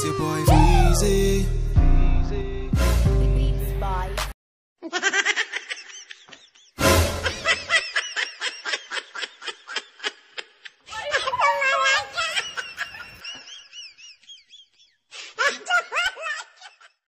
Seu your boy Weezy.